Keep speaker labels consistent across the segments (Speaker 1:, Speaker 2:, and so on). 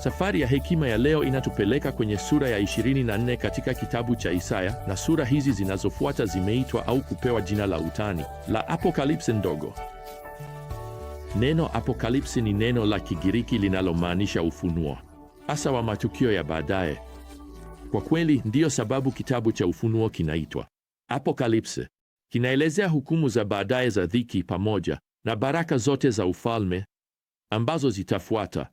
Speaker 1: Safari ya hekima ya leo inatupeleka kwenye sura ya 24 katika kitabu cha Isaya, na sura hizi zinazofuata zimeitwa au kupewa jina la utani la apokalipsi ndogo. Neno apokalipsi ni neno la Kigiriki linalomaanisha ufunuo, hasa wa matukio ya baadaye. Kwa kweli, ndiyo sababu kitabu cha Ufunuo kinaitwa Apokalipsi. Kinaelezea hukumu za baadaye za dhiki pamoja na baraka zote za ufalme ambazo zitafuata.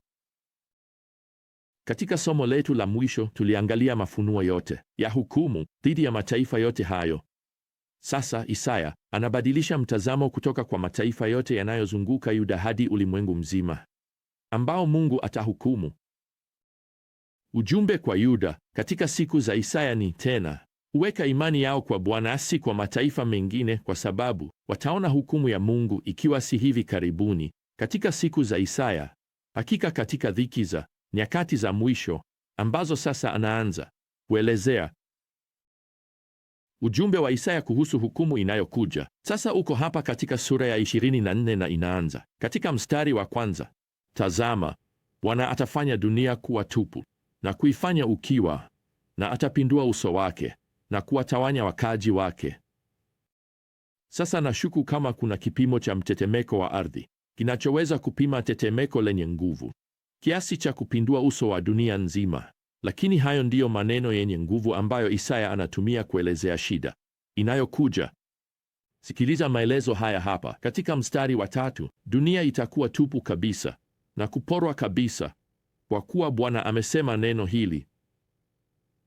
Speaker 1: Katika somo letu la mwisho tuliangalia mafunuo yote ya hukumu dhidi ya mataifa yote hayo. Sasa Isaya anabadilisha mtazamo kutoka kwa mataifa yote yanayozunguka Yuda hadi ulimwengu mzima ambao Mungu atahukumu. Ujumbe kwa Yuda katika siku za Isaya ni tena uweka imani yao kwa Bwana, si kwa mataifa mengine, kwa sababu wataona hukumu ya Mungu, ikiwa si hivi karibuni katika siku za Isaya. Hakika katika dhiki za nyakati za mwisho ambazo sasa anaanza kuelezea. Ujumbe wa Isaya kuhusu hukumu inayokuja sasa uko hapa katika sura ya 24 na inaanza katika mstari wa kwanza: Tazama, Bwana atafanya dunia kuwa tupu na kuifanya ukiwa, na atapindua uso wake na kuwatawanya wakaji wake. Sasa nashuku kama kuna kipimo cha mtetemeko wa ardhi kinachoweza kupima tetemeko lenye nguvu kiasi cha kupindua uso wa dunia nzima. Lakini hayo ndiyo maneno yenye nguvu ambayo Isaya anatumia kuelezea shida inayokuja. Sikiliza maelezo haya hapa katika mstari wa tatu: dunia itakuwa tupu kabisa na kuporwa kabisa, kwa kuwa Bwana amesema neno hili.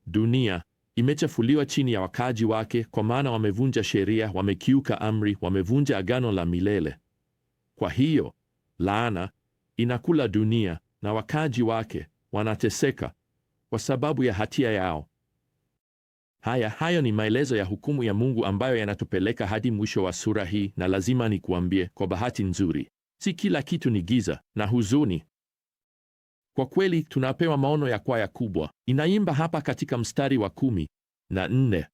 Speaker 1: Dunia imechafuliwa chini ya wakaji wake, kwa maana wamevunja sheria, wamekiuka amri, wamevunja agano la milele. Kwa hiyo laana inakula dunia na wakaji wake wanateseka kwa sababu ya hatia yao. Haya, hayo ni maelezo ya hukumu ya Mungu ambayo yanatupeleka hadi mwisho wa sura hii, na lazima nikuambie, kwa bahati nzuri, si kila kitu ni giza na huzuni. Kwa kweli, tunapewa maono ya kwaya kubwa inaimba hapa katika mstari wa kumi na nne.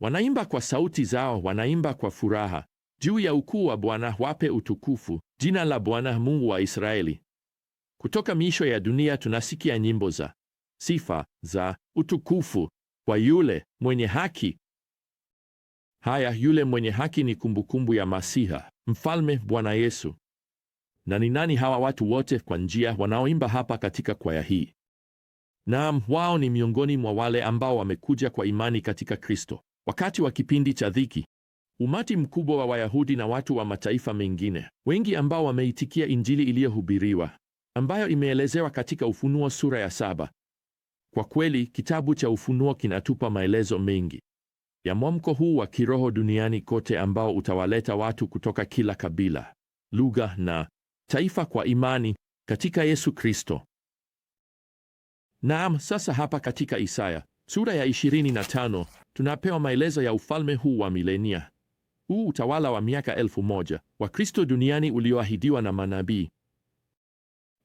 Speaker 1: Wanaimba kwa sauti zao, wanaimba kwa furaha juu ya ukuu wa Bwana, wape utukufu jina la Bwana Mungu wa Israeli. Kutoka miisho ya dunia tunasikia nyimbo za sifa za utukufu kwa yule mwenye haki. Haya, yule mwenye haki ni kumbukumbu ya Masiha, Mfalme, Bwana Yesu. Na ni nani hawa watu wote kwa njia wanaoimba hapa katika kwaya hii? Naam, wao ni miongoni mwa wale ambao wamekuja kwa imani katika Kristo wakati wa kipindi cha dhiki. Umati mkubwa wa Wayahudi na watu wa mataifa mengine wengi ambao wameitikia Injili iliyohubiriwa ambayo imeelezewa katika Ufunuo sura ya saba. Kwa kweli kitabu cha Ufunuo kinatupa maelezo mengi ya mwamko huu wa kiroho duniani kote ambao utawaleta watu kutoka kila kabila, lugha na taifa kwa imani katika Yesu Kristo. Naam, sasa hapa katika Isaya sura ya 25 tunapewa maelezo ya ufalme huu wa milenia, huu utawala wa miaka elfu moja wa Kristo duniani ulioahidiwa na manabii.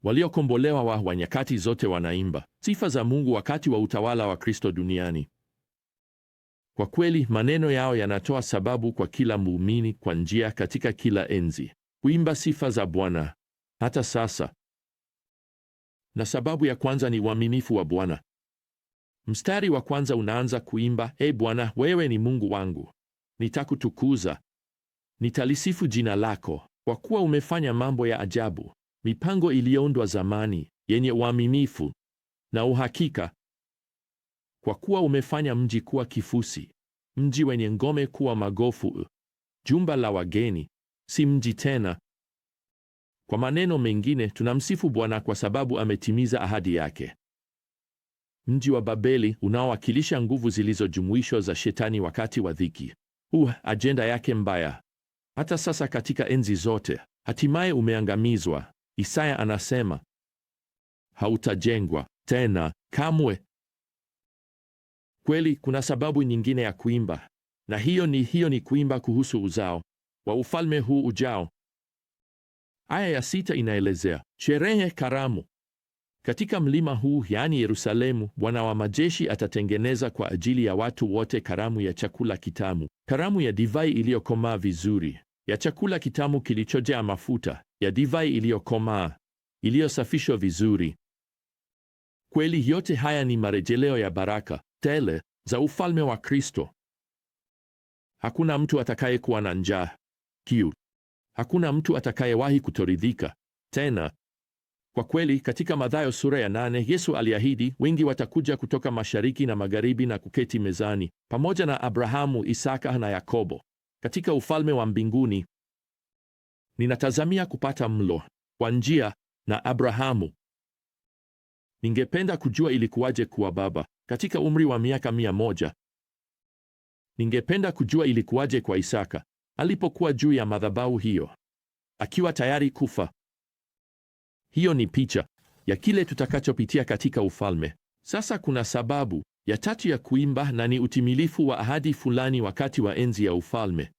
Speaker 1: Waliokombolewa wa wa nyakati zote wanaimba sifa za Mungu wakati wa utawala wa Kristo duniani. Kwa kweli, maneno yao yanatoa sababu kwa kila muumini kwa njia katika kila enzi kuimba sifa za Bwana hata sasa. Na sababu ya kwanza ni uaminifu wa Bwana. Mstari wa kwanza unaanza kuimba, E Bwana, wewe ni Mungu wangu, nitakutukuza, nitalisifu jina lako, kwa kuwa umefanya mambo ya ajabu mipango iliyoundwa zamani yenye uaminifu na uhakika. Kwa kuwa umefanya mji kuwa kifusi, mji wenye ngome kuwa magofu, jumba la wageni, si mji tena. Kwa maneno mengine, tunamsifu Bwana kwa sababu ametimiza ahadi yake. Mji wa Babeli unaowakilisha nguvu zilizojumuishwa za shetani wakati wa dhiki, uh, ajenda yake mbaya hata sasa katika enzi zote, hatimaye umeangamizwa. Isaya anasema hautajengwa tena kamwe. Kweli kuna sababu nyingine ya kuimba, na hiyo ni hiyo ni kuimba kuhusu uzao wa ufalme huu ujao. Aya ya sita inaelezea sherehe karamu katika mlima huu, yaani Yerusalemu. Bwana wa majeshi atatengeneza kwa ajili ya watu wote karamu ya chakula kitamu, karamu ya divai iliyokomaa vizuri, ya chakula kitamu kilichojaa mafuta ya divai iliyokomaa iliyosafishwa vizuri. Kweli yote haya ni marejeleo ya baraka tele za ufalme wa Kristo. Hakuna mtu atakayekuwa na njaa, kiu. Hakuna mtu atakayewahi kutoridhika tena. Kwa kweli, katika Mathayo sura ya nane, Yesu aliahidi wengi watakuja kutoka mashariki na magharibi na kuketi mezani pamoja na Abrahamu, Isaka na Yakobo katika ufalme wa mbinguni. Ninatazamia kupata mlo kwa njia na Abrahamu. Ningependa kujua ilikuwaje kuwa baba katika umri wa miaka mia moja. Ningependa kujua ilikuwaje kwa Isaka alipokuwa juu ya madhabahu hiyo akiwa tayari kufa. Hiyo ni picha ya kile tutakachopitia katika ufalme. Sasa kuna sababu ya tatu ya kuimba na ni utimilifu wa ahadi fulani wakati wa enzi ya ufalme.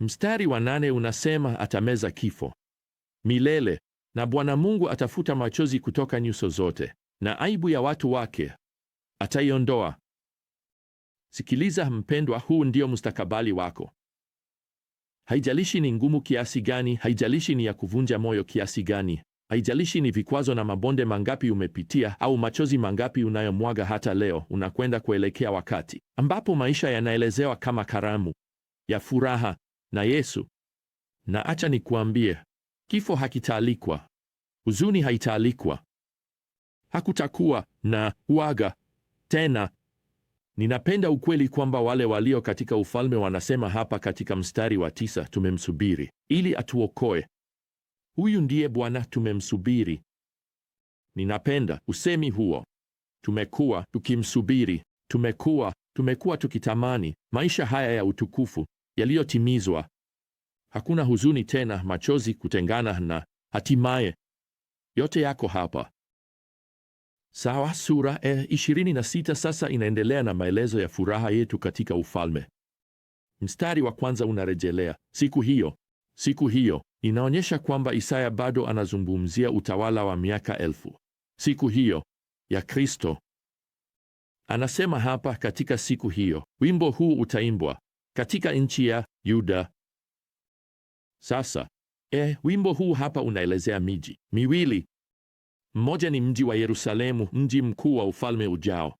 Speaker 1: Mstari wa nane unasema atameza kifo milele na Bwana Mungu atafuta machozi kutoka nyuso zote na aibu ya watu wake ataiondoa. Sikiliza mpendwa, huu ndio mustakabali wako. Haijalishi ni ngumu kiasi gani, haijalishi ni ya kuvunja moyo kiasi gani, haijalishi ni vikwazo na mabonde mangapi umepitia au machozi mangapi unayomwaga, hata leo unakwenda kuelekea wakati ambapo maisha yanaelezewa kama karamu ya furaha na Yesu. Na acha nikuambie, kifo hakitaalikwa, huzuni haitaalikwa, hakutakuwa na uaga tena. Ninapenda ukweli kwamba wale walio katika ufalme wanasema hapa katika mstari wa tisa, tumemsubiri ili atuokoe. Huyu ndiye Bwana, tumemsubiri. Ninapenda usemi huo, tumekuwa tukimsubiri, tumekuwa tumekuwa tukitamani maisha haya ya utukufu yaliyotimizwa. Hakuna huzuni tena, machozi, kutengana na hatimaye yote yako hapa. Sawa, sura e, eh, 26 sasa inaendelea na maelezo ya furaha yetu katika ufalme. Mstari wa kwanza unarejelea siku hiyo. Siku hiyo inaonyesha kwamba Isaya bado anazungumzia utawala wa miaka elfu, siku hiyo ya Kristo. Anasema hapa, katika siku hiyo wimbo huu utaimbwa katika nchi ya Yuda. Sasa e, wimbo huu hapa unaelezea miji miwili. Mmoja ni mji wa Yerusalemu, mji mkuu wa ufalme ujao.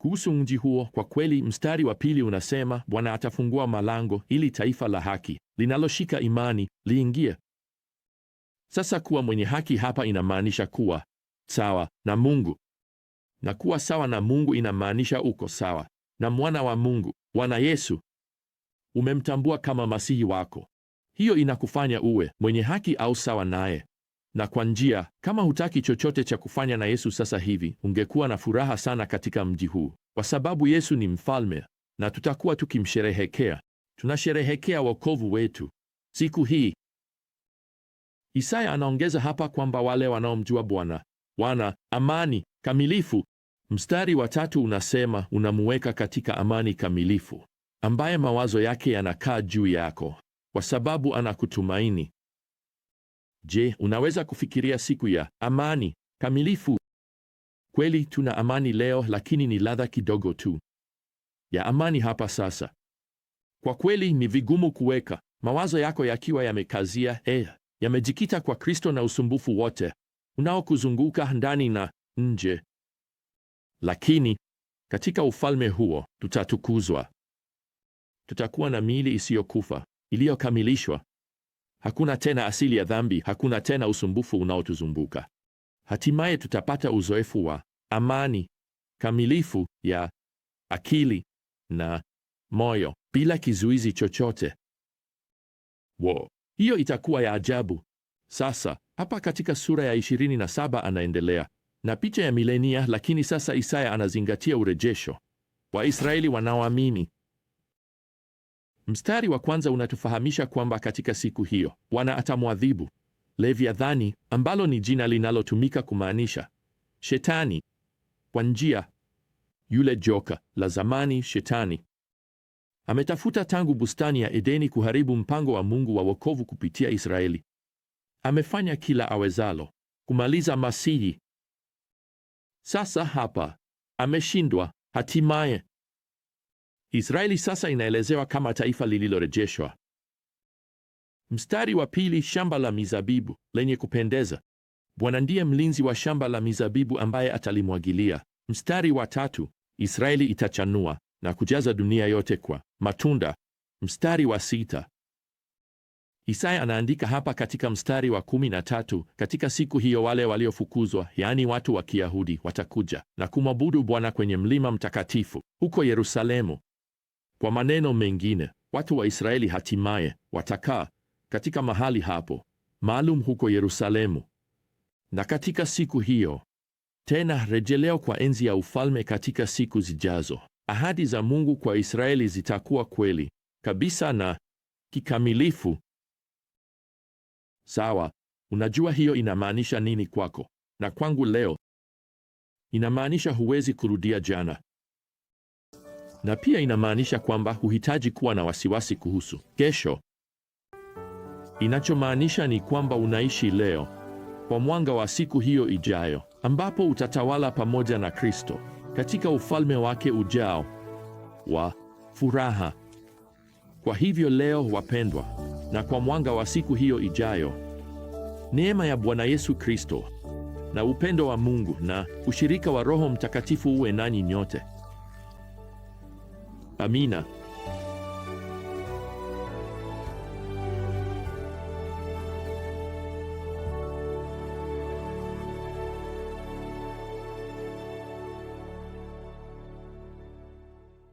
Speaker 1: Kuhusu mji huo, kwa kweli, mstari wa pili unasema, Bwana atafungua malango ili taifa la haki linaloshika imani liingie. Sasa kuwa mwenye haki hapa inamaanisha kuwa sawa na Mungu, na kuwa sawa na Mungu inamaanisha uko sawa na mwana wa Mungu, Bwana Yesu umemtambua kama masihi wako. Hiyo inakufanya uwe mwenye haki au sawa naye. Na kwa njia, kama hutaki chochote cha kufanya na Yesu sasa hivi, ungekuwa na furaha sana katika mji huu, kwa sababu Yesu ni mfalme na tutakuwa tukimsherehekea. Tunasherehekea wokovu wetu siku hii. Isaya anaongeza hapa kwamba wale wanaomjua Bwana wana amani kamilifu. Mstari wa tatu unasema unamuweka katika amani kamilifu ambaye mawazo yake yanakaa juu yako kwa sababu anakutumaini. Je, unaweza kufikiria siku ya amani kamilifu? Kweli tuna amani leo, lakini ni ladha kidogo tu ya amani hapa sasa. Kwa kweli ni vigumu kuweka mawazo yako yakiwa yamekazia eh, yamejikita kwa Kristo na usumbufu wote unaokuzunguka ndani na nje. Lakini katika ufalme huo tutatukuzwa Tutakuwa na miili isiyokufa iliyokamilishwa. Hakuna tena asili ya dhambi, hakuna tena usumbufu unaotuzunguka. Hatimaye tutapata uzoefu wa amani kamilifu ya akili na moyo bila kizuizi chochote. Wo, Hiyo itakuwa ya ajabu. Sasa hapa katika sura ya 27 anaendelea na picha ya milenia, lakini sasa Isaya anazingatia urejesho wa Israeli wanaoamini. Mstari wa kwanza unatufahamisha kwamba katika siku hiyo Bwana atamwadhibu Leviathani, ambalo ni jina linalotumika kumaanisha shetani, kwa njia yule joka la zamani shetani ametafuta tangu bustani ya Edeni kuharibu mpango wa Mungu wa wokovu kupitia Israeli. Amefanya kila awezalo kumaliza Masihi. Sasa hapa ameshindwa hatimaye. Israeli sasa inaelezewa kama taifa lililorejeshwa. Mstari wa pili, shamba la mizabibu lenye kupendeza. Bwana ndiye mlinzi wa shamba la mizabibu ambaye atalimwagilia. Mstari wa tatu, Israeli itachanua na kujaza dunia yote kwa matunda. Mstari wa sita, Isaya anaandika hapa katika mstari wa kumi na tatu, katika siku hiyo wale waliofukuzwa, yaani watu wa Kiyahudi, watakuja na kumwabudu Bwana kwenye mlima mtakatifu huko Yerusalemu, kwa maneno mengine, watu wa Israeli hatimaye watakaa katika mahali hapo maalum huko Yerusalemu. Na katika siku hiyo tena, rejeleo kwa enzi ya ufalme katika siku zijazo, ahadi za Mungu kwa Israeli zitakuwa kweli kabisa na kikamilifu. Sawa, unajua hiyo inamaanisha nini kwako na kwangu leo? Inamaanisha huwezi kurudia jana na pia inamaanisha kwamba huhitaji kuwa na wasiwasi kuhusu kesho. Inachomaanisha ni kwamba unaishi leo kwa mwanga wa siku hiyo ijayo, ambapo utatawala pamoja na Kristo katika ufalme wake ujao wa furaha. Kwa hivyo leo, wapendwa, na kwa mwanga wa siku hiyo ijayo, neema ya Bwana Yesu Kristo na upendo wa Mungu na ushirika wa Roho Mtakatifu uwe nanyi nyote. Amina